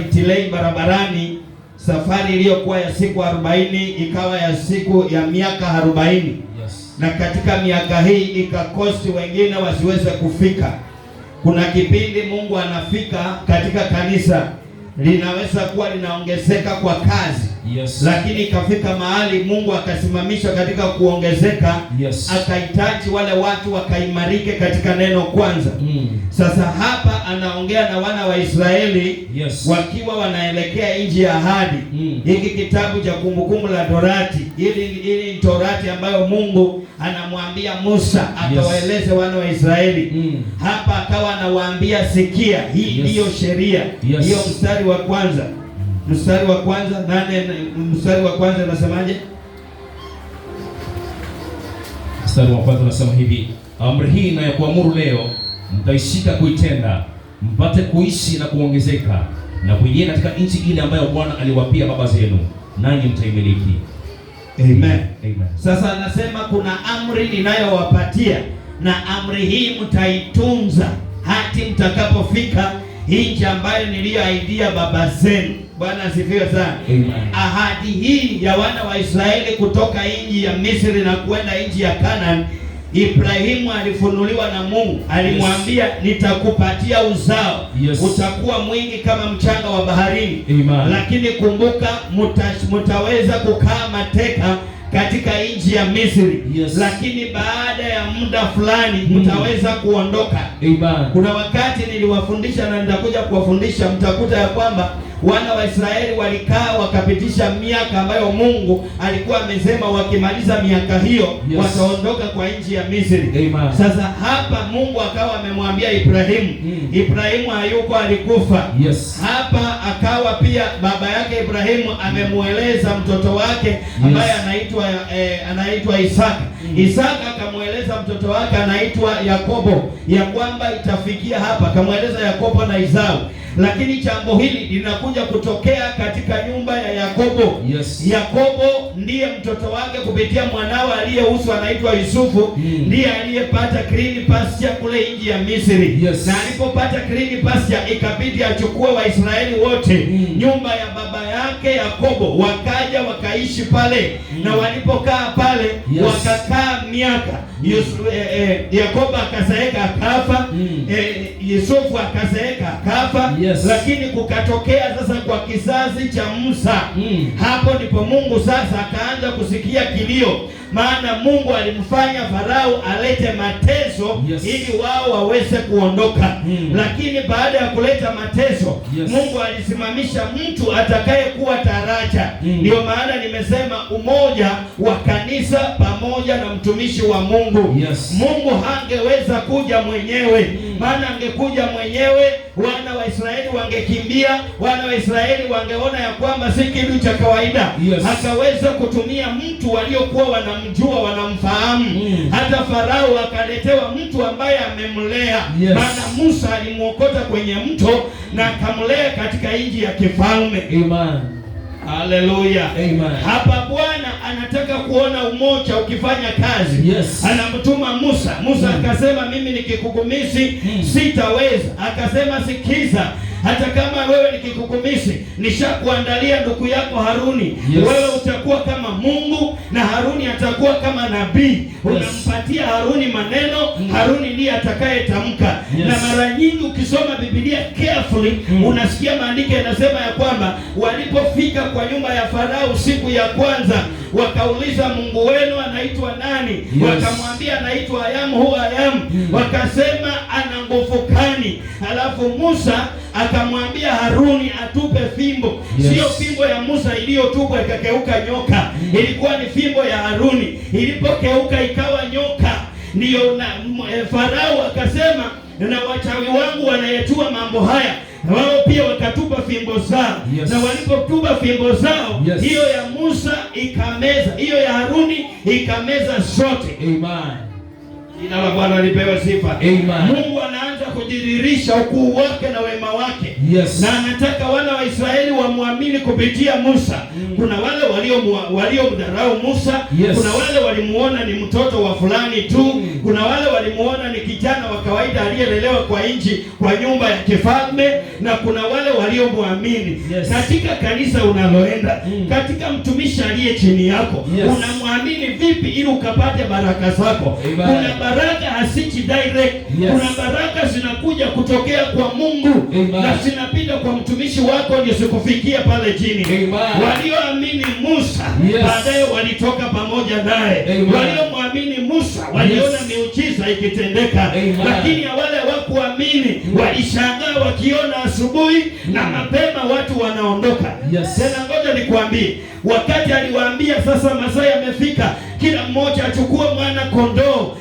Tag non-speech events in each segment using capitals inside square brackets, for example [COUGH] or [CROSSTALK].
Itilei barabarani, safari iliyokuwa ya siku 40 ikawa ya siku ya miaka 40 Yes. Na katika miaka hii ikakosi wengine wasiweze kufika. Kuna kipindi Mungu anafika katika kanisa, linaweza kuwa linaongezeka kwa kazi yes. Lakini ikafika mahali Mungu akasimamisha katika kuongezeka yes. Akahitaji wale watu wakaimarike katika neno kwanza mm. Sasa hapa anaongea na wana wa Israeli yes. Wakiwa wanaelekea nchi ya ahadi mm. Hiki kitabu cha ja Kumbukumbu la Torati, ili ili Torati ambayo Mungu anamwambia Musa akawaeleze yes. wana wa Israeli mm. Hapa akawa anawaambia sikia, hii ndiyo yes. sheria hiyo yes. mstari wa kwanza mstari wa kwanza nane mstari wa kwanza anasemaje? Mstari wa kwanza anasema hivi, amri hii inayokuamuru leo mtaishika kuitenda, mpate kuishi na kuongezeka na kuingia katika nchi ile ambayo Bwana aliwapia baba zenu, nanyi mtaimiliki. Amen. Amen. Sasa anasema kuna amri ninayowapatia na amri hii mtaitunza hadi mtakapofika nchi ambayo niliyoahidia baba zenu. Bwana asifiwe sana. Ahadi hii ya wana wa Israeli kutoka nchi ya Misri na kwenda nchi ya kanaani Ibrahimu alifunuliwa na Mungu, alimwambia yes, nitakupatia uzao yes, utakuwa mwingi kama mchanga wa baharini Amen. Lakini kumbuka muta, mutaweza kukaa mateka katika nchi ya Misri yes. Lakini baada ya muda fulani hmm, mtaweza kuondoka Amen. Kuna wakati niliwafundisha na nitakuja kuwafundisha, mtakuta ya kwamba wana wa Israeli walikaa wakapitisha miaka ambayo Mungu alikuwa amesema wakimaliza miaka hiyo yes, wataondoka kwa nchi ya Misri. Amen. Sasa hapa Mungu akawa amemwambia Ibrahimu mm. Ibrahimu hayuko alikufa. Yes. Hapa akawa pia baba yake Ibrahimu amemweleza mtoto wake ambaye yes, anaitwa eh, anaitwa Isaka mm. Isaka akamweleza mtoto wake anaitwa Yakobo ya kwamba itafikia hapa, akamweleza Yakobo na Isau lakini jambo hili linakuja kutokea katika nyumba ya Yakobo. Yes. Yakobo ndiye mtoto wake kupitia mwanao aliyeuzwa anaitwa Yusufu. Mm. Ndiye aliyepata green pass ya kule nji ya Misri. Yes. Na alipopata green pass ya ikabidi achukue Waisraeli wote. Mm. Nyumba ya baba yake Yakobo wakaja wakaishi pale. Mm. Na walipokaa pale, yes, wakakaa miaka Yusufu, eh, eh, Yakobo akazeeka akafa mm. eh, Yusufu akazeeka akafa yes. Lakini kukatokea sasa kwa kizazi cha Musa mm. Hapo ndipo Mungu sasa akaanza kusikia kilio, maana Mungu alimfanya Farao alete mateso yes. ili wao waweze kuondoka mm. Lakini baada ya kuleta mateso yes. Mungu alisimamisha mtu atakayekuwa taraja mm. Ndio maana nimesema umoja wa kanisa pamoja na mtumishi wa Mungu Mungu yes. Mungu hangeweza kuja mwenyewe, mm. maana angekuja mwenyewe wana wa Israeli wangekimbia, wana wa Israeli wangeona ya kwamba si kitu cha kawaida yes. Akaweza kutumia mtu waliokuwa wanamjua wanamfahamu mm. Hata Farao akaletewa mtu ambaye amemlea yes. Maana Musa alimwokota kwenye mto na akamlea katika nchi ya kifalme Amen. Haleluya. Amen. Hapa Bwana anataka kuona umoja ukifanya kazi. Yes. Anamtuma Musa. Musa mm. akasema mimi nikikukumisi mm. sitaweza. Akasema sikiza hata kama wewe ni kikukumisi, nishakuandalia ndugu yako Haruni. Yes. Wewe utakuwa kama Mungu na Haruni atakuwa kama nabii. Yes. Unampatia Haruni maneno. Mm. Haruni ndiye atakayetamka. Yes. Na mara nyingi ukisoma Biblia carefully, mm, unasikia maandiko yanasema ya kwamba walipofika kwa nyumba ya Farao siku ya kwanza wakauliza Mungu wenu anaitwa nani? Yes. Wakamwambia anaitwa Ayamu huwa Ayamu. Mm. Wakasema ana nguvu Alafu Musa akamwambia Haruni atupe fimbo yes. Siyo fimbo ya Musa iliyotupwa ikakeuka nyoka, mm-hmm. ilikuwa ni fimbo ya Haruni. Ilipokeuka ikawa nyoka, ndiyo na e, Farao akasema na wachawi wangu wanayetua mambo haya wao pia wakatupa fimbo zao yes. Na walipotupa fimbo zao hiyo ya Musa ikameza, hiyo ya Haruni ikameza sote Amen. Jina la Bwana lipewe sifa. Amen. Mungu anaanza kujidhihirisha ukuu wake na wema wake. Yes. Na anataka wana wa Israeli wamwamini kupitia Musa. Mm. Kuna wale walio waliomdharau Musa. Yes. Kuna wale walimuona ni mtoto wa fulani tu. Mm. Kuna wale walimuona ni kijana wa kawaida aliyelelewa kwa nchi kwa nyumba ya kifalme na kuna wale waliomwamini. Yes. Katika kanisa unaloenda, mm. katika mtumishi aliye chini yako, yes. unamwamini vipi ili ukapate baraka zako? Kuna baraka hasiki direct. Yes. Kuna baraka zinakuja kutokea kwa Mungu Amen. Na zinapita kwa mtumishi wako ndio zikufikia pale chini. Walioamini Musa yes. Baadaye walitoka pamoja naye. Waliomwamini Musa waliona yes. miujiza ikitendeka, lakini wale hawakuamini walishangaa wakiona asubuhi mm. na mapema watu wanaondoka. Yes. Tena ngoja nikwambie, wakati aliwaambia sasa masaa yamefika, kila mmoja achukue mwana kondoo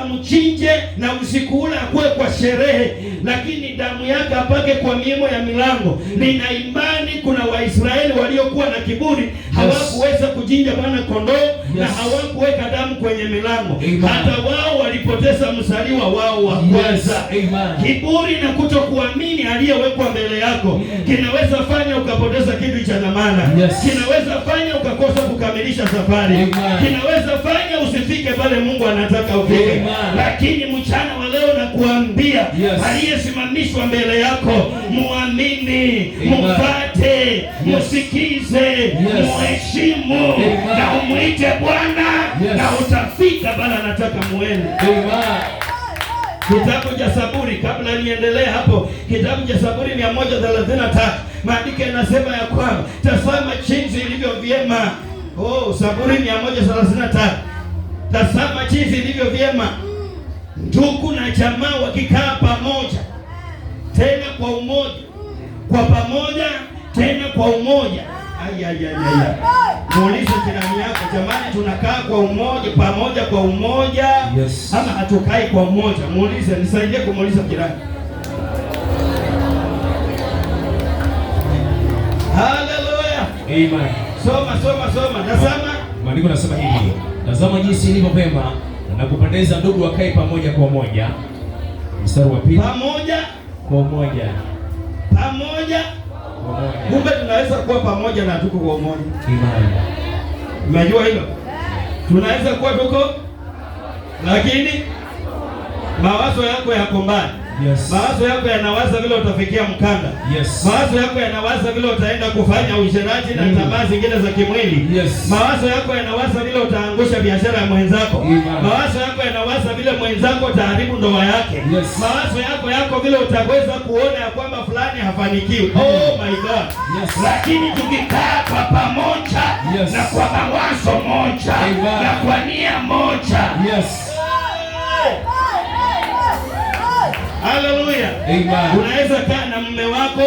mchinje na usiku ule akuwe kwa sherehe, lakini damu yake apake kwa miimo ya milango. Nina imani kuna Waisraeli waliokuwa na kiburi hawakuweza kuchinja mwana kondoo na hawakuweka damu kwenye milango hata wao walipoteza mzaliwa wao wa kwanza Kiburi na kutokuamini aliyewekwa mbele yako kinaweza fanya ukapoteza kitu cha dhamana kinaweza fanya ukakosa kukamilisha safari kinaweza fanya usifike pale Mungu anataka ufike lakini mchana wa leo nakuambia yes. Aliyesimamishwa mbele yako muamini, mfate, msikize yes. Muheshimu na umwite Bwana yes. Na utafika bala anataka muende Kitabu cha saburi kabla niendelee hapo, kitabu cha saburi na tatu maandiko yanasema ya kwamba tazama jinsi ilivyo vyema. Oh, na tatu Tazama jinsi ilivyo vyema ndugu na jamaa wakikaa pamoja, tena kwa umoja, kwa pamoja, tena kwa umoja. Ayayaya, muulize jirani yako, jamani, tunakaa kwa umoja, pamoja, kwa umoja yes, ama hatukai kwa umoja? Muulize, nisaidie kumuuliza jirani. Haleluya, amen. Soma, soma, soma. Nasema maandiko nasema hivi Tazama jinsi ilivyo pema na kupendeza, ndugu wakae pamoja kwa moja. Mstari wa pili, pamoja kwa moja, pamoja kwa moja. Kumbe tunaweza kuwa pamoja na tuko kwa umoja, imani. Unajua hilo, tunaweza kuwa tuko, lakini mawazo yako yako mbali Yes. Mawazo yako yanawaza vile utafikia mkanda. Yes. Mawazo yako yanawaza vile utaenda kufanya usherati na mm. tamaa zingine za kimwili. Yes. Mawazo yako yanawaza vile utaangusha biashara ya mwenzako. Mm. Mawazo yako yanawaza vile mwenzako utaharibu ndoa yake. Yes. Mawazo yako yako vile utaweza kuona ya kwamba fulani hafanikiwi. Mm. Oh my God. Yes. Lakini tukikaa kwa pamoja yes. na kwa mawazo moja Amen. na kwa nia moja. Yes. Haleluya. Unaweza kaa na mume wako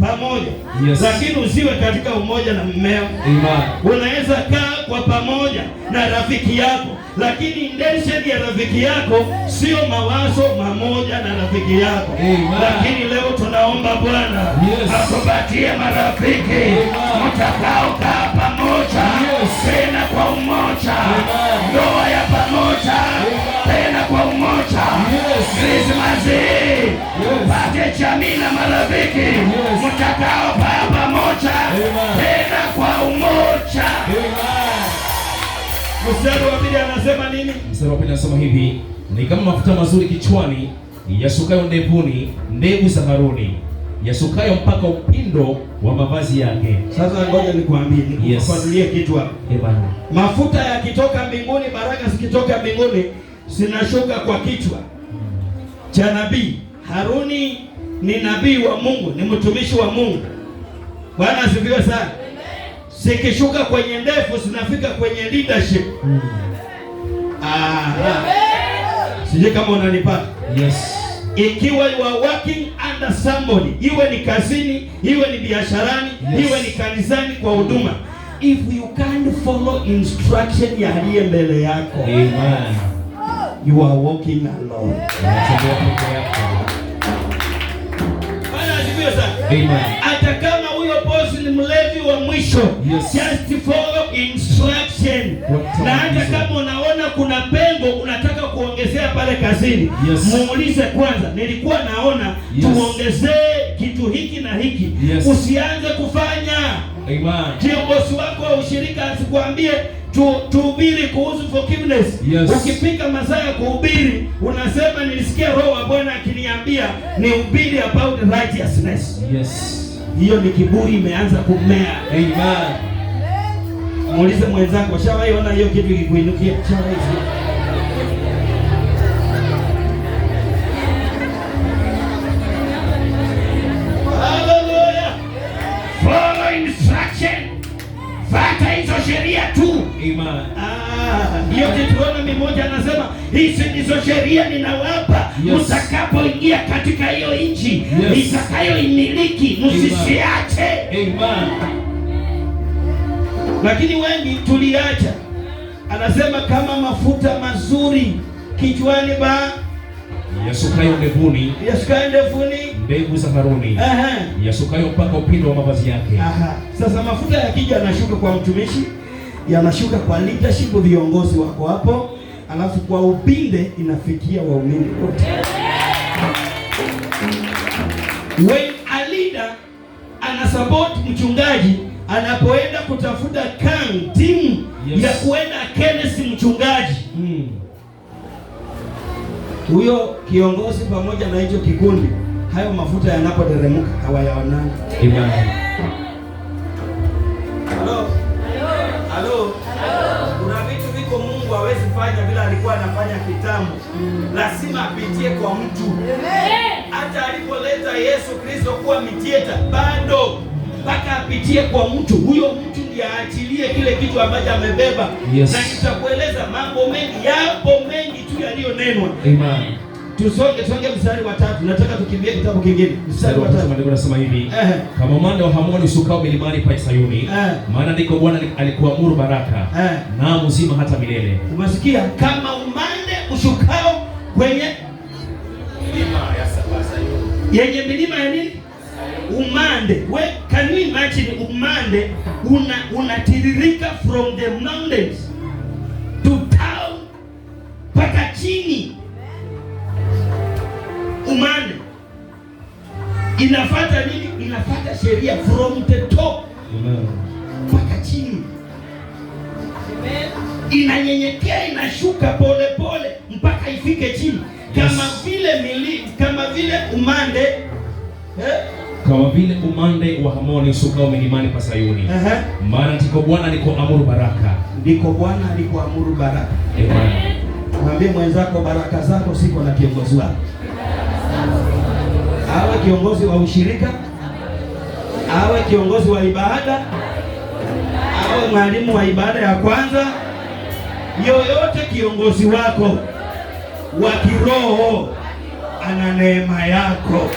pamoja yes, lakini usiwe katika umoja na mmeo. Unaweza kaa kwa pamoja na rafiki yako, lakini intention ya rafiki yako sio mawazo mamoja na rafiki yako. Lakini leo tunaomba Bwana yes, akupatie marafiki kaa jamii na marafiki mtakaofaa pamoja tena kwa umoja. Mstari wa pili anasema nini? Mstari wa pili anasema hivi, ni kama mafuta mazuri kichwani yasukayo ndevuni, ndevu za Haruni yasukayo mpaka upindo wa mavazi yake. Sasa ngoja nikwambie, nikufafanulie kitu hapa. Mafuta yakitoka mbinguni, baraka zikitoka mbinguni, zinashuka kwa kichwa cha nabii Haruni ni nabii wa Mungu, ni mtumishi wa Mungu. Bwana asifiwe sana. Zikishuka kwenye ndefu zinafika kwenye leadership. Sijui kama unanipata. Yes. Ikiwa you are working under somebody, iwe ni kazini, iwe ni biasharani, yes, iwe ni kanisani kwa huduma, if you can't follow instruction ya aliye mbele yako, Amen, you are walking alone. Amen sivyo sana? Hata kama huyo bosi ni mlevi wa mwisho, just follow instruction. Na hata kama unaona kuna pengo unataka kuongezea pale kazini, muulize kwanza, nilikuwa naona tuongezee kitu hiki na hiki, usianze kufanya. Ndio bosi wako wa ushirika asikwambie tuhubiri kuhusu forgiveness. Yes. masaa ya kuhubiri unasema nilisikia roho wa Bwana akiniambia nihubiri about righteousness. Yes. Hiyo ni kiburi imeanza kumea. Amen. Muulize mwenzako, shawahi ona hiyo kitu Shawahi. Hallelujah. Follow instruction. Fata hizo sheria tu. Amen. Ah, ndio kituona mimoja anasema hizi ndizo sheria ninawapa yes. Mtakapoingia katika hiyo nchi itakayoimiliki msisiache. Lakini wengi tuliacha. Anasema kama mafuta mazuri kichwani ba yasukayo ndevuni, yasukayo ndevuni, mbegu za Haruni, yasukayo mpaka upindo wa mavazi yake. Aha. Sasa mafuta yakija anashuka kwa mtumishi yanashuka kwa leadership, viongozi wako hapo, alafu kwa upinde inafikia waumini wote. When a leader support mchungaji anapoenda kutafuta kan timu yes, ya kuenda kenesi mchungaji huyo, hmm, kiongozi pamoja na hicho kikundi, hayo mafuta yanapoteremka hawayaonani. Amen. alikuwa anafanya kitambo, lazima apitie kwa mtu. Hata alipoleta Yesu Kristo kuwa mitieta, bado mpaka apitie kwa mtu. Huyo mtu ndiye aachilie kile kitu ambacho amebeba. Yes. Na nitakueleza mambo mengi, yapo mengi tu yaliyonenwa. Amen. Tusonge tusonge mstari wa tatu. Nataka tukimbie kitabu kingine. Mstari wa tatu maandiko yanasema hivi. Kama mwanda wa hamoni usukao milimani pa Sayuni, maana ndiko Bwana alikuamuru baraka, naam uzima hata milele. Umesikia? Kama umande usukao kwenye milima ya Sayuni. Yenye milima ya nini? Umande. We can you imagine umande una unatiririka from the mountains. inafata nini? Inafata sheria from the top mpaka chini, inanyenyekea, inashuka polepole mpaka ifike chini, kama vile mili, kama vile umande eh? kama vile umande wa Hamoni usukao milimani pa Sayuni. uh -huh. Maana ndiko Bwana alikoamuru baraka, ndiko Bwana alikoamuru baraka. Mwambie mwenzako baraka zako siko na kiongozi wako awe kiongozi wa ushirika, awe kiongozi wa ibada, awe mwalimu wa ibada ya kwanza, yoyote kiongozi wako wa kiroho ana neema yako.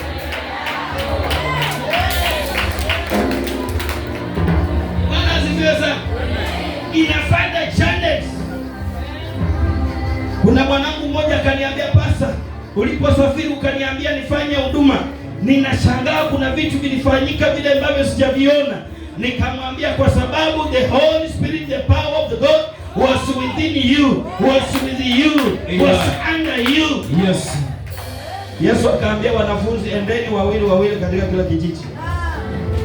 Inafanya challenge. Kuna mwanangu mmoja uliposafiri ukaniambia nifanye huduma, ninashangaa kuna vitu vilifanyika vile ambavyo sijaviona. Nikamwambia kwa sababu the Holy Spirit, the power of the God was within you, was with you, was under you. Yes. Yesu akaambia wanafunzi, endeni wawili wawili katika kila kijiji,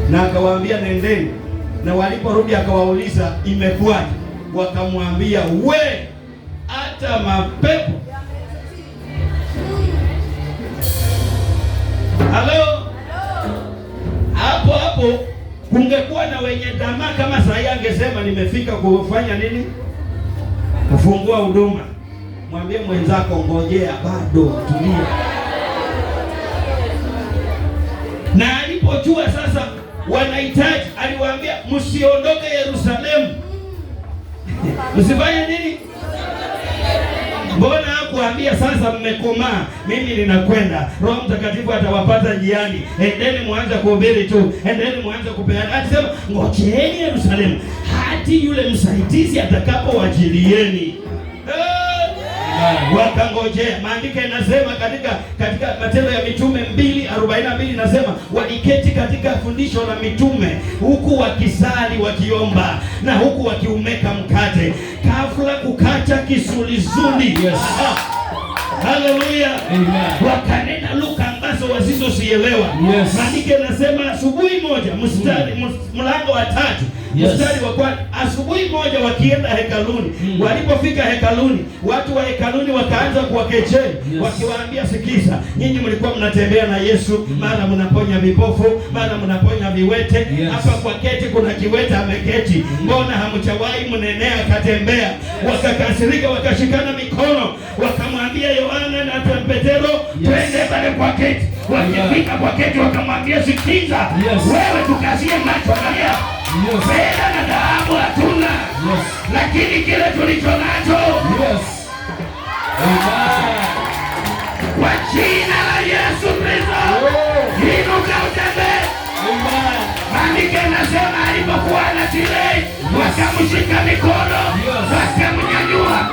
na akawaambia nendeni, na waliporudi akawauliza imekuwaje? Wakamwambia we hata mapepo Halo, hapo hapo kungekuwa na wenye tamaa kama saa hii angesema nimefika kufanya nini? Kufungua huduma. Mwambie mwenzako ngojea, bado tulia. Na alipojua sasa wanahitaji, aliwaambia msiondoke Yerusalemu, [LAUGHS] msifanye nini? Mbona kuambia sasa mmekomaa, mimi ninakwenda. Roho Mtakatifu atawapata njiani, endeni mwanze kuhubiri tu, endeni mwanze kupeana. Akisema ngojeeni Yerusalemu hati yule msaidizi atakapowajilieni wakangojea. Maandiko yanasema katika katika Matendo ya Mitume 2:42 nasema waliketi katika fundisho la mitume, huku wakisali wakiomba, na huku wakiumeka mkate, kafla kukacha kisulizuni. Yes. Haleluya, wakanena luka ambazo wasizosielewa. Yes. Maandiko yanasema asubuhi moja, mstari mlango wa tatu mstari wa kwanza. Asubuhi moja wakienda hekaluni mm. walipofika hekaluni, watu wa hekaluni wakaanza kuwakecheni yes. wakiwaambia, sikiza, nyinyi mlikuwa mnatembea na Yesu mm. mara mnaponya vipofu, mara mnaponya viwete hapa yes. kwa keti kuna kiwete ameketi, mm. mbona mm. hamchawai mnenea akatembea? Wakakasirika, wakashikana mikono, wakamwambia Yohana na Petero, twende pale kwa keti. Wakifika kwa keti, wakamwambia sikiza, yes. wewe tukazie macho yes. Fedha na dhahabu hatuna Lakini kile tulicho nacho Kwa jina la Yesu Kristo inuka utembee. Maandiko yanasema alipokuwa na anatembea wakamshika mikono wakamnyanyua.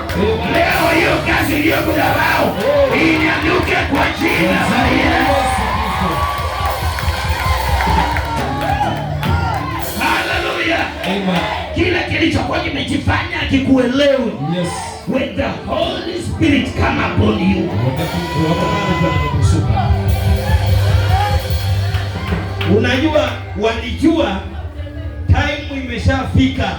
Leo hiyo kazi iliyo kudharau oh. inyanyuke kwa jina la Yesu. kile kilichokuwa kimejifanya kikuelewe, yes. With the Holy Spirit come upon you unajua, walijua time imeshafika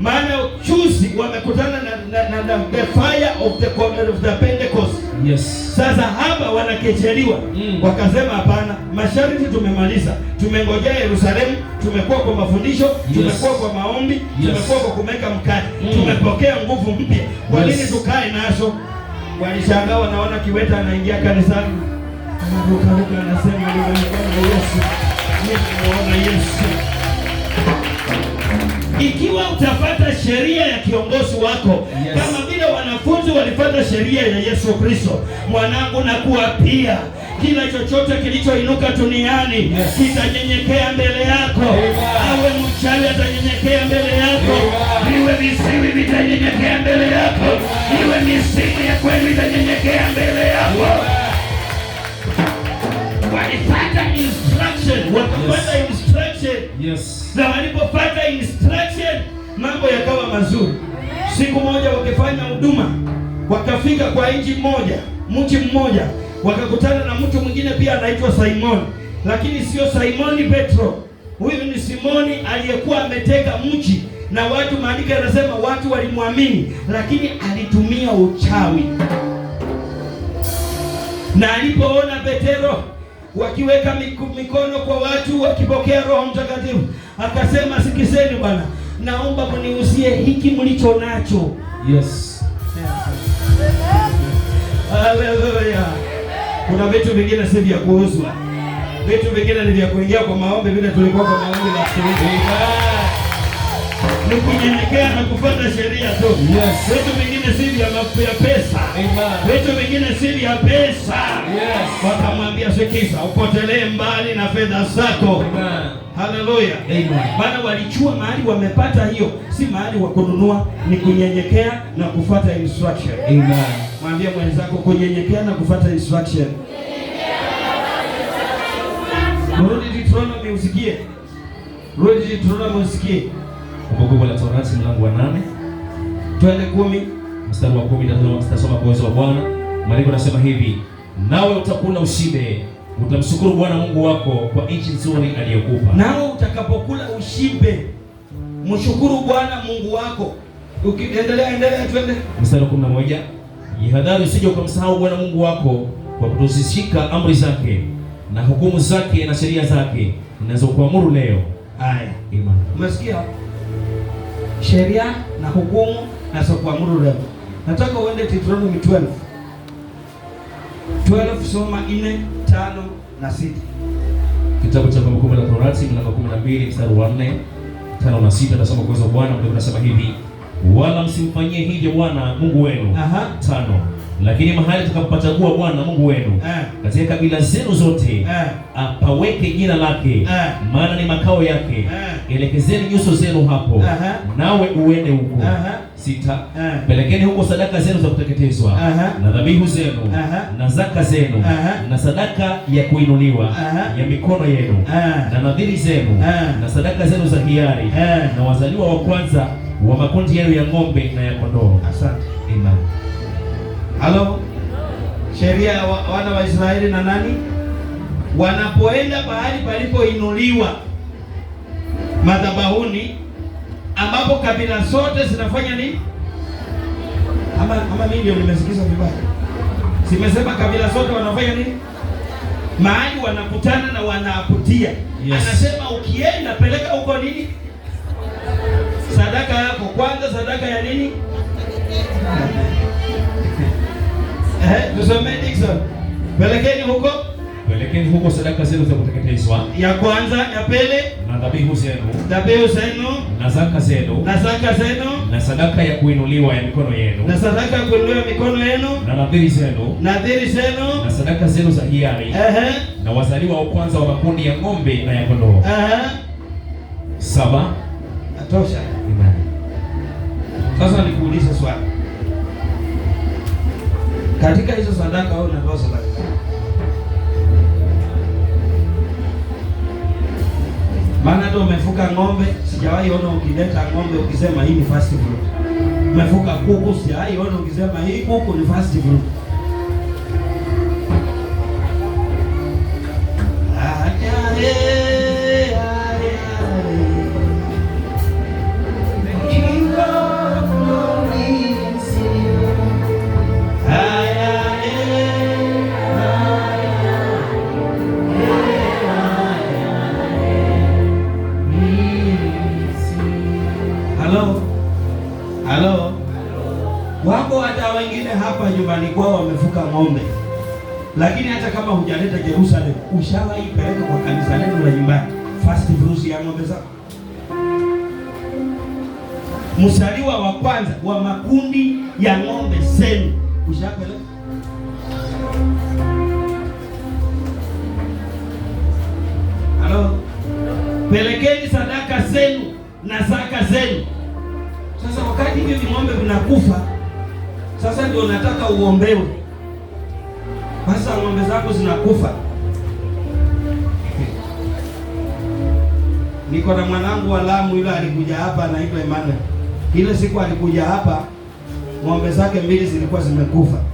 maana juzi wamekutana na, na, na, na the fire of the, of the Pentecost. Yes. Sasa hapa wanakecheliwa mm. Wakasema hapana, masharti tumemaliza, tumengojea Yerusalemu, tumekuwa kwa mafundisho yes. Tumekuwa kwa maombi yes. Tumekuwa kwa kumeka mkate mm. Tumepokea nguvu mpya, kwa nini yes. Tukae nazo Walishangaa, wanaona kiweta anaingia kanisani anarukaruka, anasema nimemwona Yesu, nimemwona Yesu. Ikiwa utafata sheria ya kiongozi wako yes, kama vile wanafunzi walifata sheria ya Yesu Kristo, mwanangu na kuwa pia kila chochote kilichoinuka duniani yes, kitanyenyekea mbele yako Awe mchawi atanyenyekea mbele yako Iwe visiwi vitanyenyekea mbele yako Iwe misimu ya kweli itanyenyekea mbele yako walipata instruction, wakapata instruction yes. na walipopata instruction mambo yakawa mazuri. Siku moja wakifanya huduma, wakafika kwa nchi mmoja, mji mmoja, wakakutana na mtu mwingine pia anaitwa Simoni, lakini sio Simoni Petro. Huyu ni Simoni aliyekuwa ameteka mji na watu, maandiko yanasema watu walimwamini, lakini alitumia uchawi na alipoona Petero wakiweka mikono kwa watu wakipokea Roho Mtakatifu. Akasema, sikizeni Bwana, naomba mniuzie hiki mlicho nacho. Yes, haleluya. Kuna vitu vingine si vya kuuzwa, vitu vingine ni vya kuingia kwa maombi, vile tulikuwa kwa maombi na ni kunyenyekea na kufuata sheria tu. Vitu vingine si vya pesa, vitu vingine si vya pesa. Wakamwambia, sikiza, upotelee mbali na fedha zako. Haleluya, maana walichua mahali wamepata hiyo, si mahali wa kununua, ni kunyenyekea na kufuata instruction. Mwambie mwenzako kunyenyekea na kufuata instruction. Rudi Deuteronomy usikie, rudi Deuteronomy usikie Kumbukumbu la Torati mlango wa nane twende kumi mstari wa kumi tutasoma kwa uwezo wa Bwana. Maandiko nasema hivi, nawe utakula ushibe, utamshukuru Bwana Mungu wako kwa nchi nzuri aliyokupa. Nawe utakapokula ushibe, mshukuru Bwana Mungu wako. Ukiendelea endelea, twende mstari wa kumi na moja jihadhari usije ukamsahau Bwana Mungu wako kwa kutozishika amri zake na hukumu zake na sheria zake ninazokuamuru leo. Aya, imani umesikia? sheria na hukumu na za kuamuru leo. Nataka uende Deuteronomy 12 12 soma 4 5 na 6. Kitabu cha Kumbukumbu la Torati mlango 12 mstari wa 4 5 na 6, nasoma kwa Bwana mtakasema hivi, wala msimfanyie hija Bwana Mungu wenu. Aha. tano lakini mahali tukampachagua Bwana Mungu wenu eh. katika kabila zenu zote eh. apaweke jina lake, eh. maana ni makao yake. Elekezeni nyuso zenu hapo, nawe uende huko. Sita, pelekeni huko sadaka zenu za kuteketezwa na dhabihu zenu na zaka zenu na sadaka ya kuinuliwa ya mikono yenu na nadhiri zenu na sadaka zenu za hiari na wazaliwa wa kwanza wa makundi yenu ya ng'ombe na ya kondoo. Asante. Amen. Halo, sheria ya wa, wana wa Israeli na nani wanapoenda pahali palipoinuliwa madhabahuni, ambapo kabila zote zinafanya nini? Ama, ama mimi ndio nimesikiza vibaya? Simesema kabila zote wanafanya nini? Mahali wanakutana na wanaaputia. Yes. Anasema ukienda peleka huko nini, sadaka yako kwanza, sadaka ya nini Eh, Pelekeni huko. Pelekeni huko sadaka zenu za kuteketezwa. Ya kwanza, ya pili na dhabihu zenu. Dhabihu zenu na zaka zenu. Na zaka zenu na sadaka ya kuinuliwa ya mikono yenu. Na sadaka ya kuinuliwa ya mikono yenu. Na nadhiri zenu. Nadhiri zenu na sadaka zenu za hiari. Ehe. Na wazaliwa wa kwanza wa makundi ya ng'ombe na ya kondoo. Ehe. Saba. Atosha. Amen. Sasa nikuulize swali. Katika hizo sadaka au unatoa sadaka Maana hata umefuka ng'ombe, sijawahi ona ukileta ng'ombe ukisema hii ni fast food. Umefuka kuku, sijawahi ona ukisema hii kuku ni fast food. Ah, yeah, yeah. nyumbani kwao wamefuka ng'ombe, lakini hata kama hujaleta Jerusalem, ushawahi peleka kwa kanisa lenu la nyumbani first fruits ya ng'ombe zako? Msaliwa wa kwanza wa makundi ya ng'ombe zenu ushapeleka? Halo, pelekeni sadaka zenu na zaka zenu. Sasa wakati hivi ng'ombe vinakufa sasa ndio nataka uombewe. Sasa ng'ombe zangu zinakufa. Niko na mwanangu wa Lamu, yule alikuja hapa anaitwa Emmanuel. Ile siku alikuja hapa, ng'ombe zake mbili zilikuwa zimekufa.